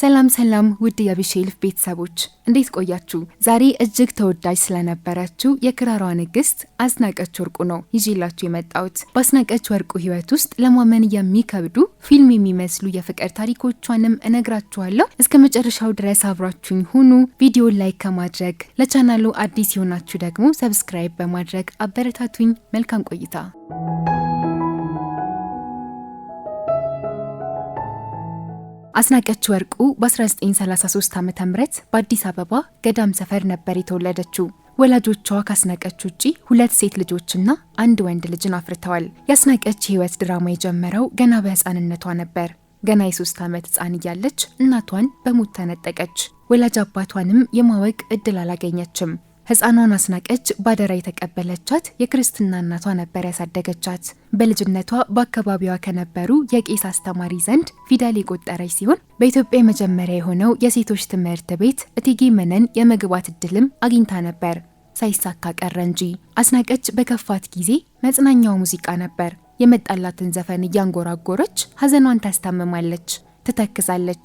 ሰላም ሰላም ውድ የአቢሼልፍ ቤተሰቦች እንዴት ቆያችሁ? ዛሬ እጅግ ተወዳጅ ስለነበረችው የክራሯ ንግስት አስናቀች ወርቁ ነው ይዤላችሁ የመጣሁት። በአስናቀች ወርቁ ህይወት ውስጥ ለማመን የሚከብዱ ፊልም የሚመስሉ የፍቅር ታሪኮቿንም እነግራችኋለሁ። እስከ መጨረሻው ድረስ አብራችሁኝ ሁኑ። ቪዲዮ ላይክ ከማድረግ ለቻናሉ አዲስ የሆናችሁ ደግሞ ሰብስክራይብ በማድረግ አበረታቱኝ። መልካም ቆይታ አስናቀች ወርቁ በ1933 ዓ ም በአዲስ አበባ ገዳም ሰፈር ነበር የተወለደችው። ወላጆቿ ከአስናቀች ውጪ ሁለት ሴት ልጆችና አንድ ወንድ ልጅን አፍርተዋል። የአስናቀች የህይወት ድራማ የጀመረው ገና በህፃንነቷ ነበር። ገና የሶስት ዓመት ህፃን እያለች እናቷን በሞት ተነጠቀች። ወላጅ አባቷንም የማወቅ እድል አላገኘችም። ሕፃኗን አስናቀች ባደራ የተቀበለቻት የክርስትና እናቷ ነበር ያሳደገቻት። በልጅነቷ በአካባቢዋ ከነበሩ የቄስ አስተማሪ ዘንድ ፊደል የቆጠረች ሲሆን በኢትዮጵያ የመጀመሪያ የሆነው የሴቶች ትምህርት ቤት እቴጌ መነን የመግባት እድልም አግኝታ ነበር፣ ሳይሳካ ቀረ እንጂ። አስናቀች በከፋት ጊዜ መጽናኛው ሙዚቃ ነበር። የመጣላትን ዘፈን እያንጎራጎረች ሀዘኗን ታስታምማለች፣ ትተክዛለች።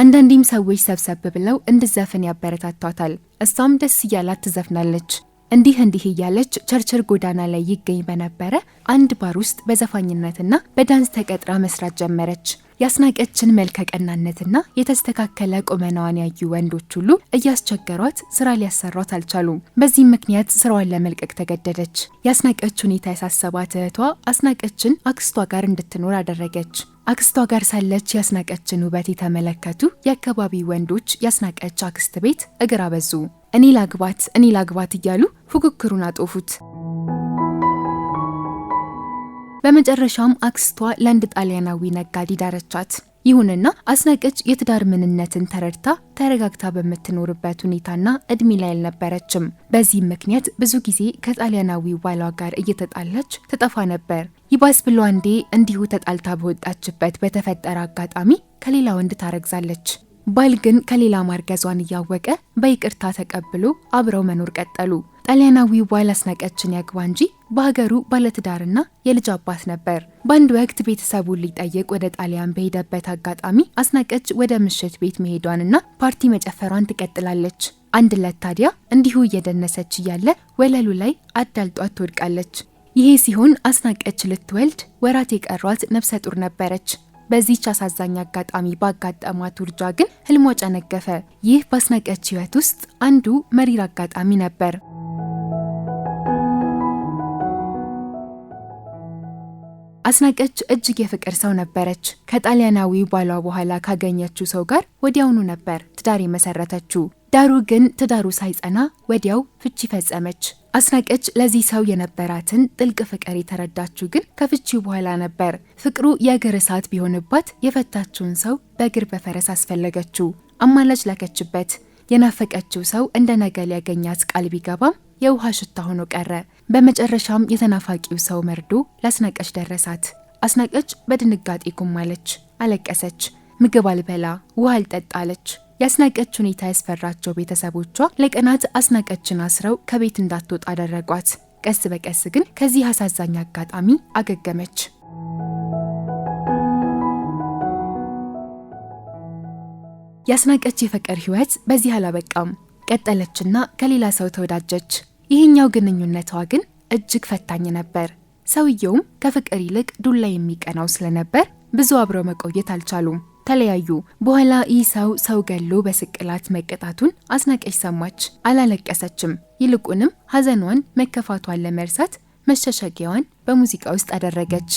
አንዳንዴም ሰዎች ሰብሰብ ብለው እንድዘፍን ያበረታቷታል። እሷም ደስ እያላት ትዘፍናለች። እንዲህ እንዲህ እያለች ቸርችል ጎዳና ላይ ይገኝ በነበረ አንድ ባር ውስጥ በዘፋኝነትና በዳንስ ተቀጥራ መስራት ጀመረች። ያስናቀችን መልከቀናነትና የተስተካከለ ቁመናዋን ያዩ ወንዶች ሁሉ እያስቸገሯት ስራ ሊያሰሯት አልቻሉም። በዚህም ምክንያት ስራዋን ለመልቀቅ ተገደደች። ያስናቀች ሁኔታ ያሳሰባት እህቷ አስናቀችን አክስቷ ጋር እንድትኖር አደረገች። አክስቷ ጋር ሳለች ያስናቀችን ውበት የተመለከቱ የአካባቢ ወንዶች ያስናቀች አክስት ቤት እግር አበዙ። እኔ ላግባት እኔ ላግባት እያሉ ፉክክሩን አጦፉት። በመጨረሻም አክስቷ ለአንድ ጣሊያናዊ ነጋዴ ዳረቻት። ይሁንና አስናቀች የትዳር ምንነትን ተረድታ ተረጋግታ በምትኖርበት ሁኔታና እድሜ ላይ አልነበረችም። በዚህም ምክንያት ብዙ ጊዜ ከጣሊያናዊ ባሏ ጋር እየተጣላች ትጠፋ ነበር። ይባስ ብሎ አንዴ እንዲሁ ተጣልታ በወጣችበት በተፈጠረ አጋጣሚ ከሌላ ወንድ ታረግዛለች። ባል ግን ከሌላ ማርገዟን እያወቀ በይቅርታ ተቀብሎ አብረው መኖር ቀጠሉ። ጣሊያናዊ ዋል አስናቂያችን ያግባ እንጂ በሀገሩ ባለትዳርና የልጅ አባት ነበር። በአንድ ወቅት ቤተሰቡን ሊጠይቅ ወደ ጣሊያን በሄደበት አጋጣሚ አስናቂያች ወደ ምሽት ቤት መሄዷንና ፓርቲ መጨፈሯን ትቀጥላለች። አንድ ዕለት ታዲያ እንዲሁ እየደነሰች እያለ ወለሉ ላይ አዳልጧት ትወድቃለች። ይሄ ሲሆን አስናቂያች ልትወልድ ወራት የቀሯት ነፍሰ ጡር ነበረች። በዚች አሳዛኝ አጋጣሚ ባጋጠማት ውርጃ ግን ህልሟ ጨነገፈ። ይህ በአስናቂያች ህይወት ውስጥ አንዱ መሪር አጋጣሚ ነበር። አስናቀች እጅግ የፍቅር ሰው ነበረች። ከጣሊያናዊ ባሏ በኋላ ካገኘችው ሰው ጋር ወዲያውኑ ነበር ትዳር የመሰረተችው። ዳሩ ግን ትዳሩ ሳይጸና ወዲያው ፍቺ ፈጸመች። አስናቀች ለዚህ ሰው የነበራትን ጥልቅ ፍቅር የተረዳችው ግን ከፍቺው በኋላ ነበር። ፍቅሩ የእግር እሳት ቢሆንባት የፈታችውን ሰው በእግር በፈረስ አስፈለገችው። አማላጅ ላከችበት። የናፈቀችው ሰው እንደ ነገ ሊያገኛት ቃል ቢገባም የውሃ ሽታ ሆኖ ቀረ። በመጨረሻም የተናፋቂው ሰው መርዶ ለአስናቀች ደረሳት። አስናቀች በድንጋጤ ኩም አለች፣ አለቀሰች። ምግብ አልበላ ውሃ አልጠጣ አለች። የአስናቀች ሁኔታ ያስፈራቸው ቤተሰቦቿ ለቀናት አስናቀችን አስረው ከቤት እንዳትወጣ አደረጓት። ቀስ በቀስ ግን ከዚህ አሳዛኝ አጋጣሚ አገገመች። የአስናቀች የፍቅር ህይወት በዚህ አላበቃም። ቀጠለችና ከሌላ ሰው ተወዳጀች። ይህኛው ግንኙነቷ ግን እጅግ ፈታኝ ነበር። ሰውየውም ከፍቅር ይልቅ ዱላ የሚቀናው ስለነበር ብዙ አብረው መቆየት አልቻሉም፣ ተለያዩ። በኋላ ይህ ሰው ሰው ገሎ በስቅላት መቀጣቱን አስናቀች ሰማች። አላለቀሰችም። ይልቁንም ሐዘኗን መከፋቷን ለመርሳት መሸሸጊያዋን በሙዚቃ ውስጥ አደረገች።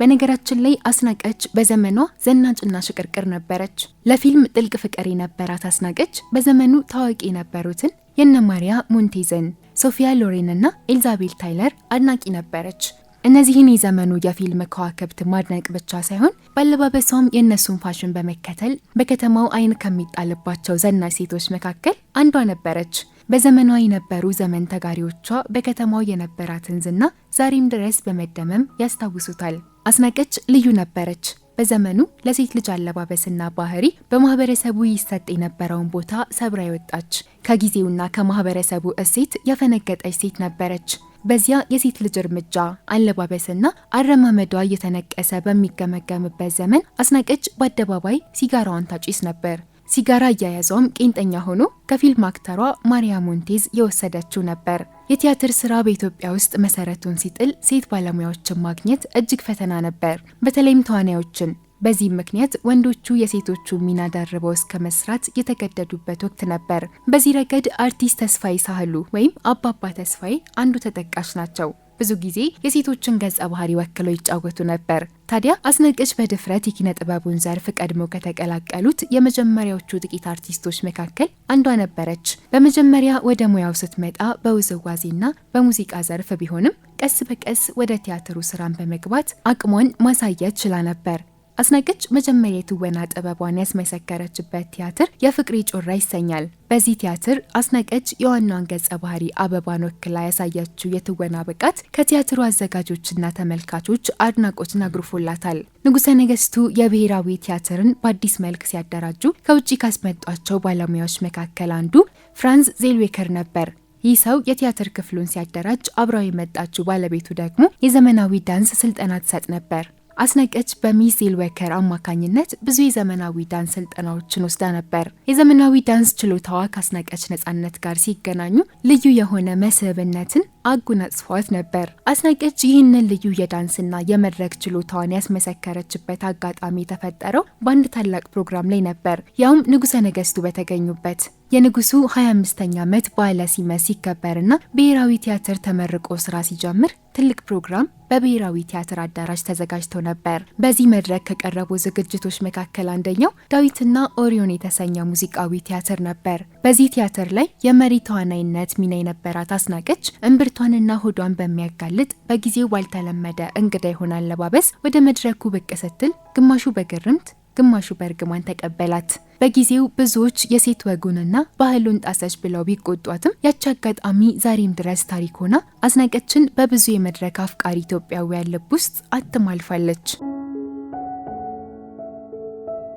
በነገራችን ላይ አስናቀች በዘመኗ ዘናጭና ሽቅርቅር ነበረች። ለፊልም ጥልቅ ፍቅር የነበራት አስናቀች በዘመኑ ታዋቂ የነበሩትን የነ ማሪያ ሞንቴዘን፣ ሶፊያ ሎሬን እና ኤልዛቤል ታይለር አድናቂ ነበረች። እነዚህን የዘመኑ የፊልም ከዋክብት ማድነቅ ብቻ ሳይሆን በአለባበሷም የእነሱን ፋሽን በመከተል በከተማው አይን ከሚጣልባቸው ዘናጭ ሴቶች መካከል አንዷ ነበረች። በዘመናዊ የነበሩ ዘመን ተጋሪዎቿ በከተማው የነበራትን ዝና ዛሬም ድረስ በመደመም ያስታውሱታል። አስናቀች ልዩ ነበረች። በዘመኑ ለሴት ልጅ አለባበስና ባህሪ በማህበረሰቡ ይሰጥ የነበረውን ቦታ ሰብራ አይወጣች። ከጊዜውና ከማህበረሰቡ እሴት ያፈነገጠች ሴት ነበረች። በዚያ የሴት ልጅ እርምጃ፣ አለባበስና አረማመዷ እየተነቀሰ በሚገመገምበት ዘመን አስናቀች በአደባባይ ሲጋራዋን ታጭስ ነበር። ሲጋራ አያያዟም ቄንጠኛ ሆኖ ከፊልም አክተሯ ማሪያ ሞንቴዝ የወሰደችው ነበር። የቲያትር ስራ በኢትዮጵያ ውስጥ መሰረቱን ሲጥል ሴት ባለሙያዎችን ማግኘት እጅግ ፈተና ነበር፣ በተለይም ተዋናዮችን። በዚህም ምክንያት ወንዶቹ የሴቶቹ ሚና ደርበው እስከ መስራት የተገደዱበት ወቅት ነበር። በዚህ ረገድ አርቲስት ተስፋዬ ሳህሉ ወይም አባባ ተስፋዬ አንዱ ተጠቃሽ ናቸው። ብዙ ጊዜ የሴቶችን ገጸ ባህሪ ወክለው ይጫወቱ ነበር። ታዲያ አስነቅሽ በድፍረት የኪነ ጥበቡን ዘርፍ ቀድሞ ከተቀላቀሉት የመጀመሪያዎቹ ጥቂት አርቲስቶች መካከል አንዷ ነበረች። በመጀመሪያ ወደ ሙያው ስትመጣ በውዝዋዜና በሙዚቃ ዘርፍ ቢሆንም ቀስ በቀስ ወደ ቲያትሩ ስራን በመግባት አቅሟን ማሳየት ችላ ነበር። አስናቀች መጀመሪያ የትወና ጥበቧን ያስመሰከረችበት ቲያትር የፍቅሬ ጮራ ይሰኛል። በዚህ ቲያትር አስናቀች የዋናዋን ገጸ ባህሪ አበባን ወክላ ያሳያችው የትወና ብቃት ከቲያትሩ አዘጋጆችና ተመልካቾች አድናቆትን አግርፎላታል። ንጉሠ ነገሥቱ የብሔራዊ ቲያትርን በአዲስ መልክ ሲያደራጁ ከውጭ ካስመጧቸው ባለሙያዎች መካከል አንዱ ፍራንዝ ዜልዌከር ነበር። ይህ ሰው የቲያትር ክፍሉን ሲያደራጅ አብራው የመጣችው ባለቤቱ ደግሞ የዘመናዊ ዳንስ ስልጠና ትሰጥ ነበር። አስነቀች በሚሴል ወከር አማካኝነት ብዙ የዘመናዊ ዳንስ ስልጠናዎችን ወስዳ ነበር። የዘመናዊ ዳንስ ችሎታዋ ከአስነቀች ነጻነት ጋር ሲገናኙ ልዩ የሆነ መስህብነትን አጎናጽፏት ነበር። አስነቀች ይህንን ልዩ የዳንስና የመድረክ ችሎታዋን ያስመሰከረችበት አጋጣሚ የተፈጠረው በአንድ ታላቅ ፕሮግራም ላይ ነበር፣ ያውም ንጉሠ ነገሥቱ በተገኙበት። የንጉሱ 25ኛ ዓመት በዓለ ሲመት ሲከበርና ብሔራዊ ቲያትር ተመርቆ ስራ ሲጀምር ትልቅ ፕሮግራም በብሔራዊ ቲያትር አዳራሽ ተዘጋጅቶ ነበር። በዚህ መድረክ ከቀረቡ ዝግጅቶች መካከል አንደኛው ዳዊትና ኦሪዮን የተሰኘ ሙዚቃዊ ቲያትር ነበር። በዚህ ቲያትር ላይ የመሪ ተዋናይነት ሚና የነበራት አስናቀች እምብርቷንና ሆዷን በሚያጋልጥ በጊዜው ባልተለመደ እንግዳ የሆነ አለባበስ ወደ መድረኩ ብቅ ስትል ግማሹ በግርምት ግማሹ በእርግማን ተቀበላት። በጊዜው ብዙዎች የሴት ወጉንና ባህሉን ጣሰች ብለው ቢቆጧትም ያቺ አጋጣሚ ዛሬም ድረስ ታሪክ ሆና አዝናቀችን በብዙ የመድረክ አፍቃሪ ኢትዮጵያውያን ልብ ውስጥ አትማልፋለች።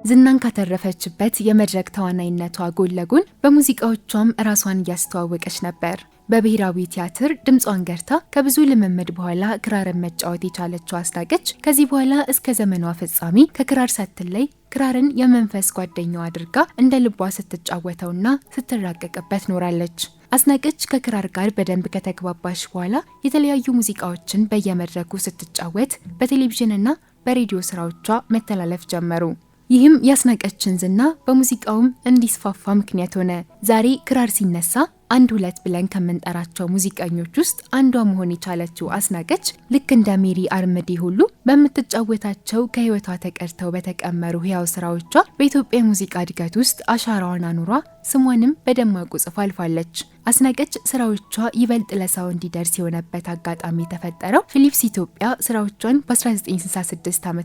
ዝናን ካተረፈችበት የመድረክ ተዋናይነቷ ጎን ለጎን በሙዚቃዎቿም ራሷን እያስተዋወቀች ነበር። በብሔራዊ ቲያትር ድምጿን ገርታ ከብዙ ልምምድ በኋላ ክራርን መጫወት የቻለችው አስታቀች ከዚህ በኋላ እስከ ዘመኗ ፍጻሜ ከክራር ሳትለይ ክራርን የመንፈስ ጓደኛዋ አድርጋ እንደ ልቧ ስትጫወተውና ስትራቀቅበት ኖራለች። አስናቀች ከክራር ጋር በደንብ ከተግባባሽ በኋላ የተለያዩ ሙዚቃዎችን በየመድረኩ ስትጫወት በቴሌቪዥንና በሬዲዮ ስራዎቿ መተላለፍ ጀመሩ። ይህም ያስናቀችን ዝና በሙዚቃውም እንዲስፋፋ ምክንያት ሆነ። ዛሬ ክራር ሲነሳ አንድ ሁለት ብለን ከምንጠራቸው ሙዚቀኞች ውስጥ አንዷ መሆን የቻለችው አስናቀች ልክ እንደ ሜሪ አርምዴ ሁሉ በምትጫወታቸው ከህይወቷ ተቀድተው በተቀመሩ ህያው ስራዎቿ በኢትዮጵያ የሙዚቃ እድገት ውስጥ አሻራዋን አኑሯ ስሟንም በደማቁ ጽፋ አልፋለች። አስናቀች ስራዎቿ ይበልጥ ለሰው እንዲደርስ የሆነበት አጋጣሚ የተፈጠረው ፊሊፕስ ኢትዮጵያ ስራዎቿን በ1966 ዓ ም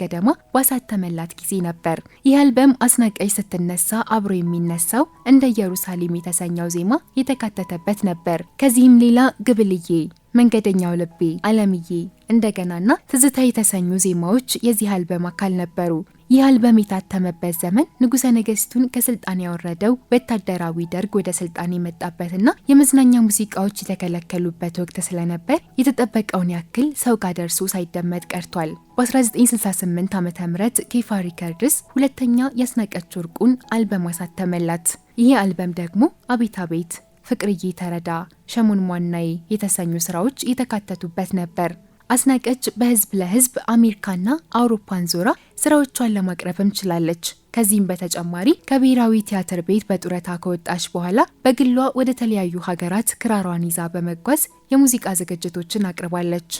ገደማ ባሳተመላት ጊዜ ነበር። ይህ አልበም አስናቀች ስትነሳ አብሮ የሚነሳው እንደ ኢየሩሳሌም የተሰኘው ዜማ የተካተተበት ነበር። ከዚህም ሌላ ግብልዬ፣ መንገደኛው ልቤ፣ አለምዬ እንደገናና ትዝታ የተሰኙ ዜማዎች የዚህ አልበም አካል ነበሩ። ይህ አልበም የታተመበት ዘመን ንጉሠ ነገሥቱን ከስልጣን ያወረደው ወታደራዊ ደርግ ወደ ስልጣን የመጣበትና የመዝናኛ ሙዚቃዎች የተከለከሉበት ወቅት ስለነበር የተጠበቀውን ያክል ሰው ጋር ደርሶ ሳይደመጥ ቀርቷል። በ1968 ዓ ም ኬፋ ሪከርድስ ሁለተኛ ያስናቀች ወርቁን አልበም አሳተመላት። ይህ አልበም ደግሞ አቤት አቤት፣ ፍቅርዬ ተረዳ፣ ሸሙን ሟናዬ የተሰኙ ስራዎች የተካተቱበት ነበር። አስናቀች በህዝብ ለህዝብ አሜሪካና አውሮፓን ዞራ ስራዎቿን ለማቅረብም ችላለች። ከዚህም በተጨማሪ ከብሔራዊ ቲያትር ቤት በጡረታ ከወጣች በኋላ በግሏ ወደ ተለያዩ ሀገራት ክራሯን ይዛ በመጓዝ የሙዚቃ ዝግጅቶችን አቅርባለች።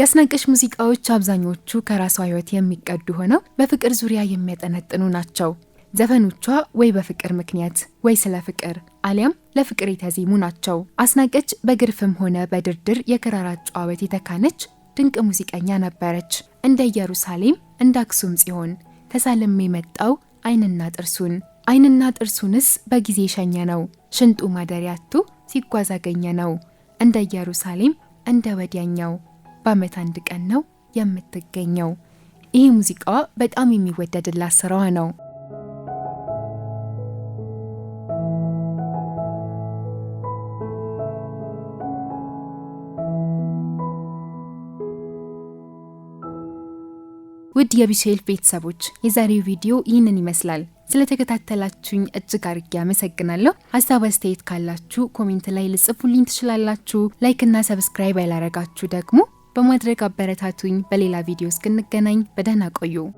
የአስናቀሽ ሙዚቃዎች አብዛኞቹ ከራሷ ህይወት የሚቀዱ ሆነው በፍቅር ዙሪያ የሚያጠነጥኑ ናቸው። ዘፈኖቿ ወይ በፍቅር ምክንያት ወይ ስለ ፍቅር አሊያም ለፍቅር የተዜሙ ናቸው። አስናቀች በግርፍም ሆነ በድርድር የክራር አጨዋወት የተካነች ድንቅ ሙዚቀኛ ነበረች። እንደ ኢየሩሳሌም፣ እንደ አክሱም ጽዮን ተሳልም የመጣው አይንና ጥርሱን አይንና ጥርሱንስ በጊዜ ሸኘ ነው ሽንጡ ማደሪያቱ ሲጓዝ አገኘ ነው እንደ ኢየሩሳሌም እንደ ወዲያኛው በአመት አንድ ቀን ነው የምትገኘው። ይህ ሙዚቃዋ በጣም የሚወደድላት ስራዋ ነው። ውድ የቢሼል ቤተሰቦች የዛሬው ቪዲዮ ይህንን ይመስላል። ስለተከታተላችሁኝ እጅግ አርጌ አመሰግናለሁ። ሀሳብ አስተያየት ካላችሁ ኮሜንት ላይ ልጽፉልኝ ትችላላችሁ። ላይክና ሰብስክራይብ ያላረጋችሁ ደግሞ በማድረግ አበረታቱኝ። በሌላ ቪዲዮ እስክንገናኝ በደህና ቆዩ።